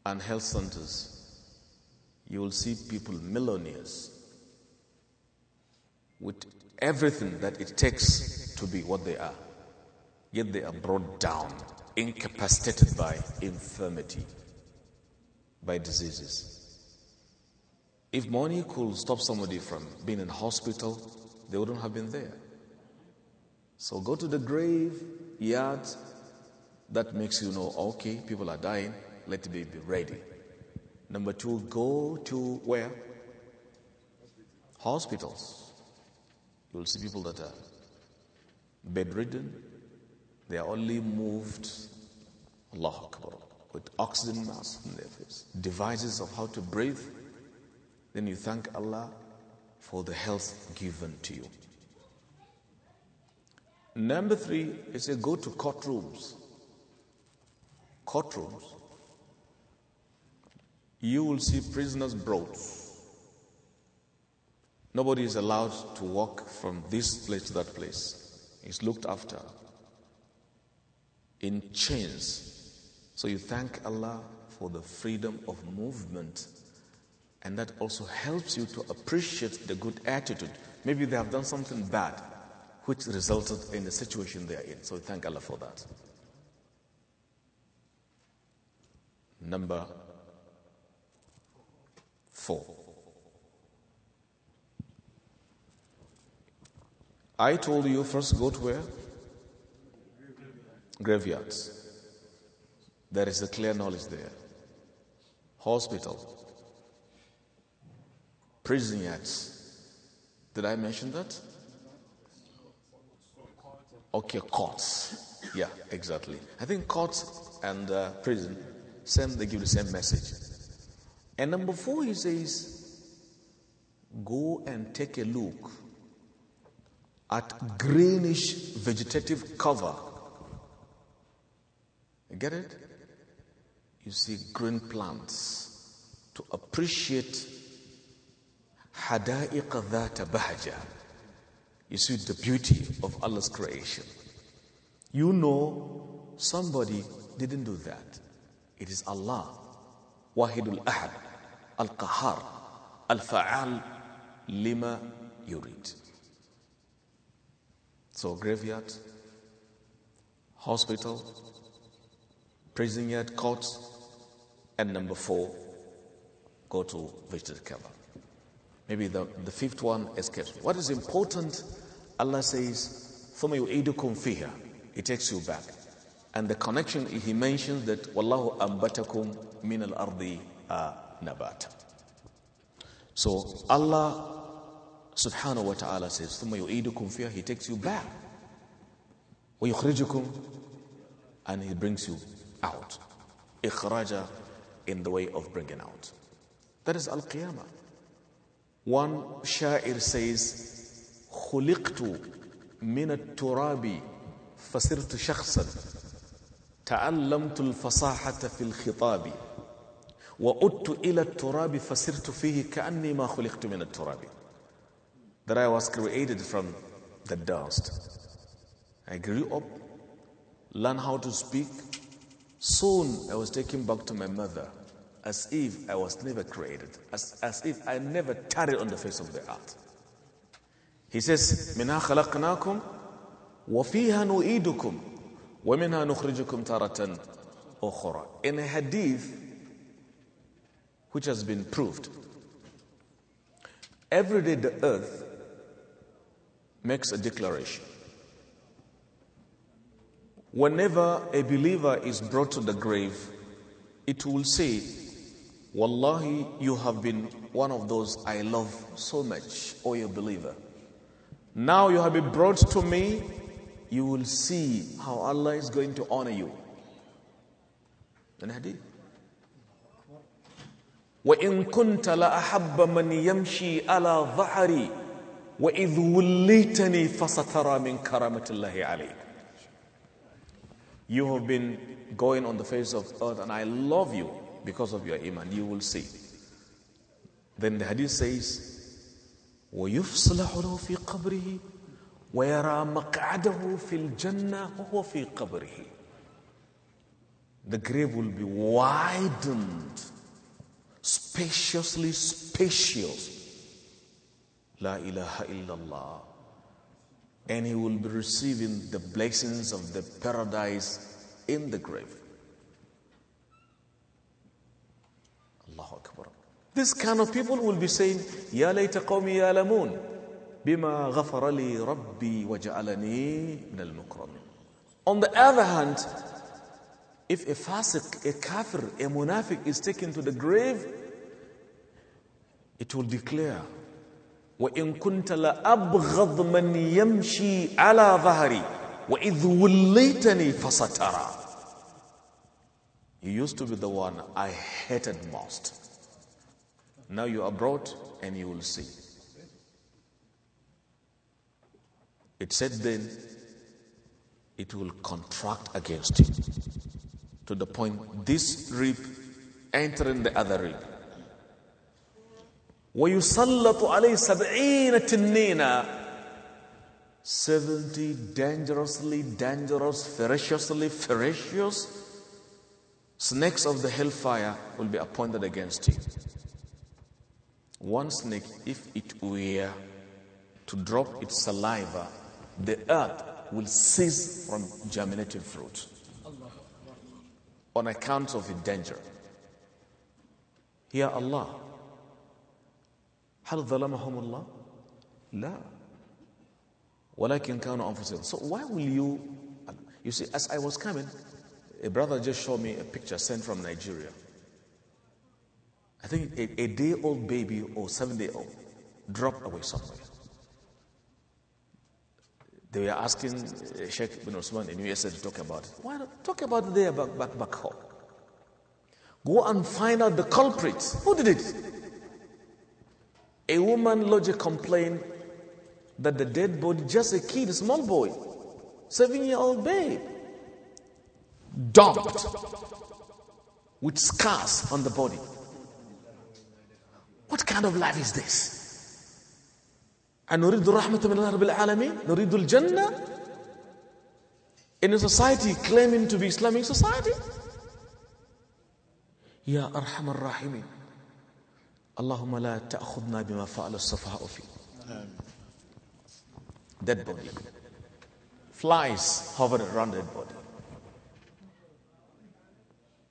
A: and health centers. You will see people millionaires with everything that it takes to be what they are. Yet they are brought down incapacitated by infirmity, by diseases. If money could stop somebody from being in hospital, they wouldn't have been there. So go to the grave yard. That makes you know, okay, people are dying. Let me be ready. Number two, go to where? Hospitals. You'll see people that are bedridden, they are only moved, Allah Akbar, with oxygen masks in their face, devices of how to breathe. Then you thank Allah for the health given to you. Number three is a go to courtrooms. Courtrooms. You will see prisoners brought. Nobody is allowed to walk from this place to that place. It's looked after in chains. So you thank Allah for the freedom of movement. And that also helps you to appreciate the good attitude. Maybe they have done something bad, which resulted in the situation they are in. So thank Allah for that. Number four. I told you first go to where? graveyards. There is a clear knowledge there. Hospital, prison yards. Did I mention that? Okay, courts. Yeah, exactly. I think courts and uh, prison, same. They give the same message. And number four, he says, go and take a look at greenish vegetative cover you get it? You see green plants to appreciate hadaiq dhata bahja. You see the beauty of Allah's creation. You know somebody didn't do that. It is Allah, Wahidul Ahad, Al Qahar, Al Fa'al, Lima Yurid. So, graveyard, hospital, prison yard, court, and number four, go to vegetative cover. Maybe the, the fifth one escapes me. What is important, Allah says, ثُمَّ يُعِيدُكُمْ فِيهَا takes you back. And the connection, he mentions that, وَاللَّهُ min al الْأَرْضِ uh, nabata." So Allah subhanahu wa ta'ala says, ثُمَّ يُعِيدُكُمْ He takes you back. وَيُخْرِجُكُمْ And He brings you out. Ikhraja in the way of bringing out. That is Al Qiyamah. One Sha'ir says, خلقت من التراب فصرت شخصا تعلمت الفصاحة في الخطاب وأدت إلى التراب فصرت فيه كأني ما خلقت من التراب That I was created from the dust. I grew up, learned how to speak, Soon I was taken back to my mother as if I was never created, as, as if I never tarried on the face of the earth. He says, مِنْهَا خَلَقْنَاكُمْ وَفِيهَا نؤيدكم وَمِنْهَا نُخْرِجُكُمْ تَارَةً أُخْرَى In a hadith which has been proved, every day the earth makes a declaration. Whenever a believer is brought to the grave, it will say, Wallahi, you have been one of those I love so much, O you believer. Now you have been brought to me, you will see how Allah is going to honor you. In hadith. وإن كنت لأحب من يمشي على ظهري وإذ وليتني فسترى من كرامة الله عَلَيْهِ." You have been going on the face of earth, and I love you because of your iman. You will see. Then the hadith says, ويفصلح له في قبره ويرى مقعده في الجنة وهو في قبره The grave will be widened, spaciously spacious. La ilaha illallah and he will be receiving the blessings of the paradise in the grave. Allahu Akbar. This kind of people will be saying, Ya layta qawmi lamun, bima ghafara rabbi wa ja'alani min al On the other hand, if a fasiq, a kafir, a munafiq is taken to the grave, it will declare وإن كنت لأبغض من يمشي على ظهري وإذ وليتني فسترى You used to be the one I hated most. Now you're brought, and you will see. It said then, it will contract against you to the point this rib entering the other rib. ويسلط عليه سبعين تنينا 70 dangerously dangerous ferociously ferocious snakes of the hellfire will be appointed against him one snake if it were to drop its saliva the earth will cease from germinating fruit on account of its danger here allah هل ظلمهم الله لا ولكن كانوا أنفسهم so why will you you see as I was coming a brother just showed me a picture sent from Nigeria I think a, a day old baby or seven day old dropped away somewhere they were asking uh, Sheikh bin Osman in USA to talk about it. Why not talk about it there back, back, back home? Go and find out the culprit. Who did it? A woman lodged a complaint that the dead body, just a kid, a small boy, seven year old babe, dumped with scars on the body. What kind of life is this? And in a society claiming to be Islamic society ya أرحم الراحمين Allahumma لا تأخذنا بما فعل السفهاء fi dead body flies hovered around dead body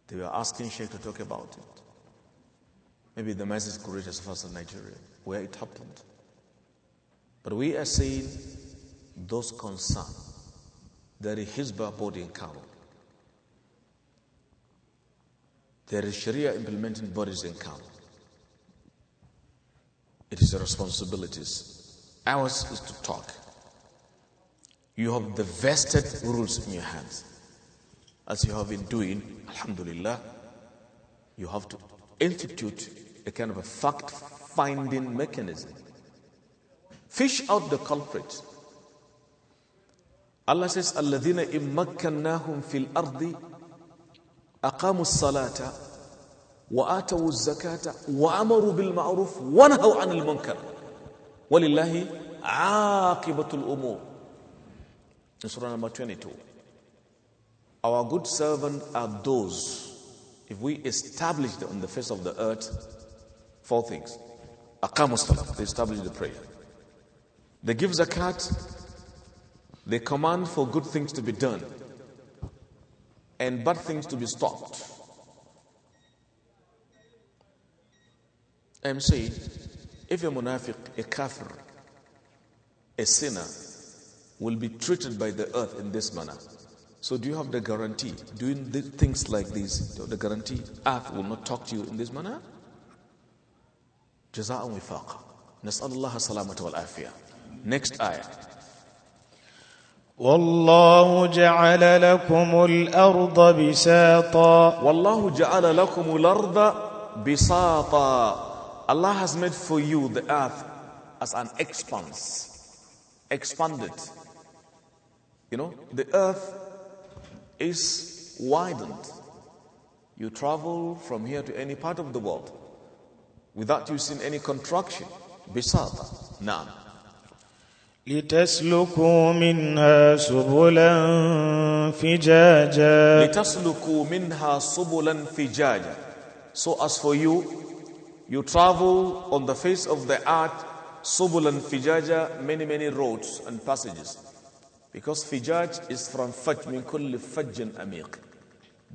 A: they were asking Sheikh to talk about it maybe the message could reach as far as Nigeria where it happened but we are seeing those concerned there is Hezbollah body in Kabul there is Sharia implementing bodies in Kabul it is a responsibilities. Ours is to talk. You have the vested rules in your hands. As you have been doing, Alhamdulillah, you have to institute a kind of a fact finding mechanism. Fish out the culprit. Allah says, الَّذِينَ إِمَّكَّنَّاهُمْ fil الْأَرْضِ أَقَامُوا الصَّلَاةَ وآتوا الزكاة وأمروا بالمعروف ونهوا عن المنكر ولله عاقبة الأمور in Surah number 22 Our good servants are those if we establish on the face of the earth four things they establish the prayer they give zakat they command for good things to be done and bad things to be stopped I'm saying, if a munafiq, a kafir, a sinner, will be treated by the earth in this manner, so do you have the guarantee? Doing things like this, the guarantee earth will not talk to you in this manner? جزاء وفاقا نسأل الله السلامة والعافية Next ayah
B: والله جعل لكم الأرض بساطا والله جعل لكم الأرض
A: بساطا Allah has made for you the earth as an expanse, expanded. You know, the earth is widened. You travel from here to any part of the world without you seeing any contraction. Bisata. Naam.
B: لتسلكوا منها سبلا فجاجا
A: لتسلكوا منها سبلا فجاجا So as for you, you travel on the face of the earth, and fijaja, many, many roads and passages. Because fijaj is from faj min kulli Amir. amiq.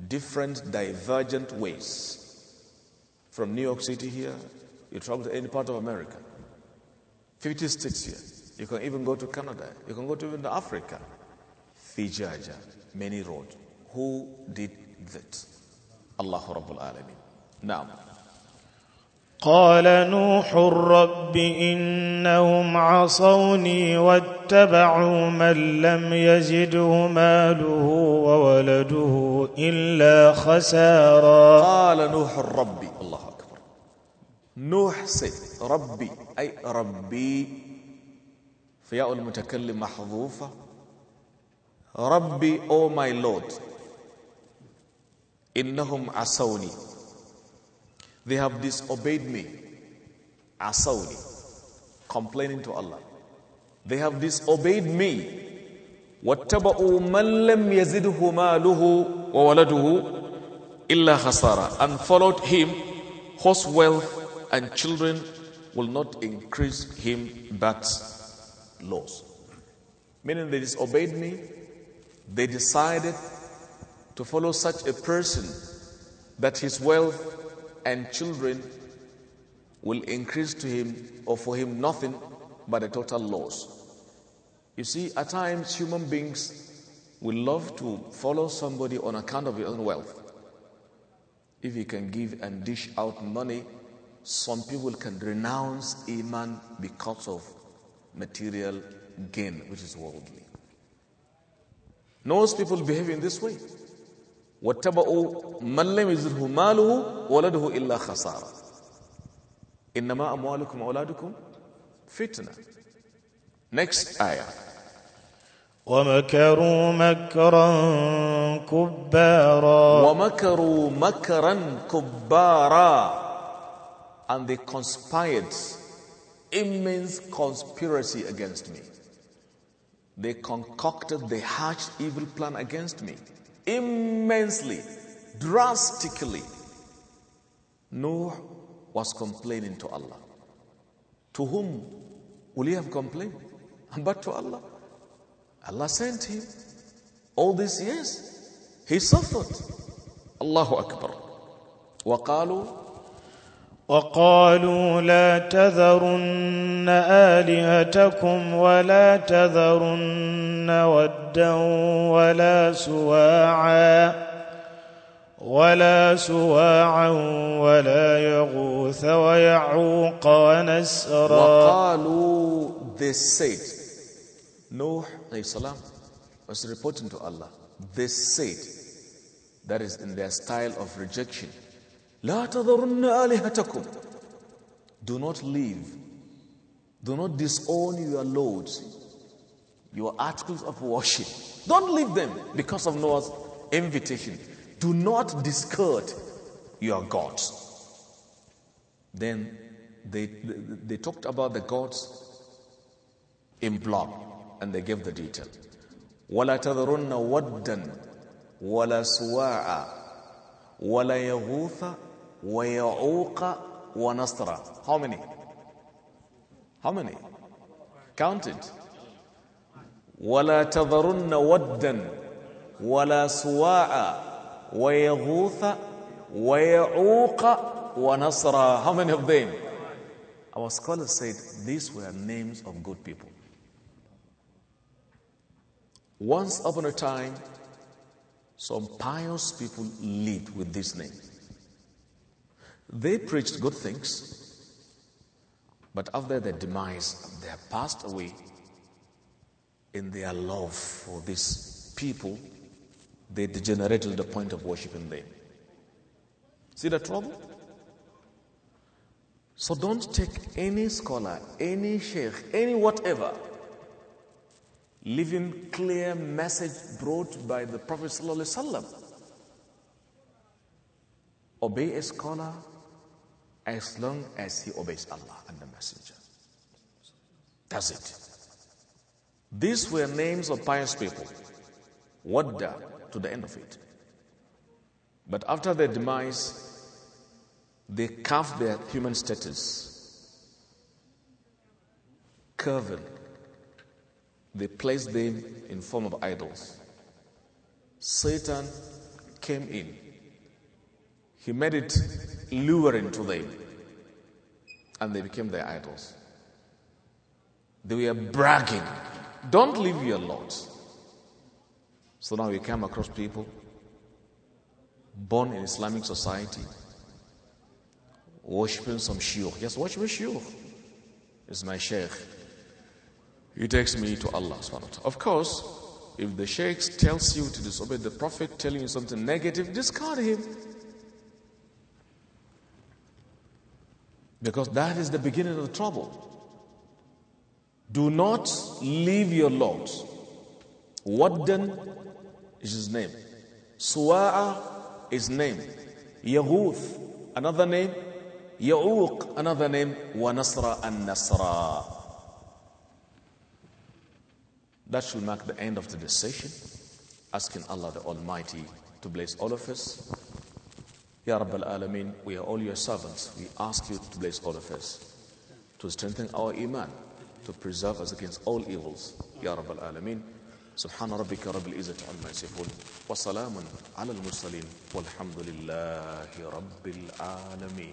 A: Different divergent ways. From New York City here, you travel to any part of America. 50 states here. You can even go to Canada. You can go to even Africa. Fijaja, many roads. Who did that? Allahu Rabbul Alamin.
B: Now, قال نوح رب انهم عصوني واتبعوا من لم يزده ماله وولده الا خسارا قال نوح رب
A: الله اكبر نوح سيد ربي اي ربي فياء المتكلم محذوفه ربي او oh my lord انهم عصوني They have disobeyed me. Asawi, complaining to Allah. They have disobeyed me. وَاتَّبَعُوا مَنْ لَمْ يَزِدْهُ مَالُهُ وَوَلَدُهُ إِلَّا خَسَارًا And followed him whose wealth and children will not increase him but loss. Meaning they disobeyed me. They decided to follow such a person that his wealth and children will increase to him or for him nothing but a total loss. You see, at times human beings will love to follow somebody on account of his own wealth. If he can give and dish out money, some people can renounce Iman because of material gain, which is worldly. Most people behave in this way. واتبعوا من لم يزره ماله ولده إلا خسارة إنما أموالكم وأولادكم فتنة Next
B: ayah ومكروا مكرا كبارا
A: ومكروا مكرا كبارا and they conspired immense conspiracy against me they concocted they hatched evil plan against me immensely, drastically. Noah was complaining to Allah. To whom will he have complained? <laughs> But to Allah. Allah sent him all these
B: years. He suffered. Allahu Akbar. وقالوا وقالوا لا تذرن الهتكم ولا تذرن ودا ولا سواعا ولا سواعا ولا يغوث ويعوق ونسرا وقالوا
A: they said نوح عليه السلام was reporting to Allah they said that is in their style of rejection لا تذرن آلهتكم Do not leave. Do not disown your lords, your articles of worship. Don't leave them because of Noah's invitation. Do not discard your gods. Then they, they talked about the gods in blood and they gave the detail. وَلَا تَذَرُنَّ وَدًّا وَلَا سُوَاعًا وَلَا يَغُوثَ وَيَعُوقَ وَنَصْرَ How many? How many? Count it. وَلَا تَذَرُنَّ وَدًّا وَلَا سُوَاعًا وَيَغُوثَ وَيَعُوقَ وَنَصْرَ How many of them? Our scholars said these were names of good people. Once upon a time, some pious people lived with this name. They preached good things, but after their demise, they have passed away in their love for these people. They degenerated to the point of worshiping them. See the trouble? So don't take any scholar, any sheikh, any whatever, leaving clear message brought by the Prophet ﷺ. Obey a scholar, as long as he obeys Allah and the Messenger. Does it. These were names of pious people. Wadda to the end of it. But after their demise, they carved their human status. Curved. They placed them in form of idols. Satan came in. He made it luring to them. And they became their idols. They were bragging. Don't leave your lot. So now you come across people born in Islamic society, worshipping some shiur. Yes, worship a shiur. It's my sheikh. He takes me to Allah subhanahu Of course, if the sheikh tells you to disobey the Prophet, telling you something negative, discard him. Because that is the beginning of the trouble. Do not leave your Lord. then is his name. Suwa'a is name. Yahuth, another name. Ya'uq, another name. Wa Nasra and Nasra. That should mark the end of the session. Asking Allah the Almighty to bless all of us. Ya Al Alameen, we are all your servants. We ask you to bless all of us, to strengthen our iman, to preserve us against all evils. Ya Rabbal Alameen. سبحان ربك رب العزة عما يصفون وسلام على المرسلين والحمد لله رب العالمين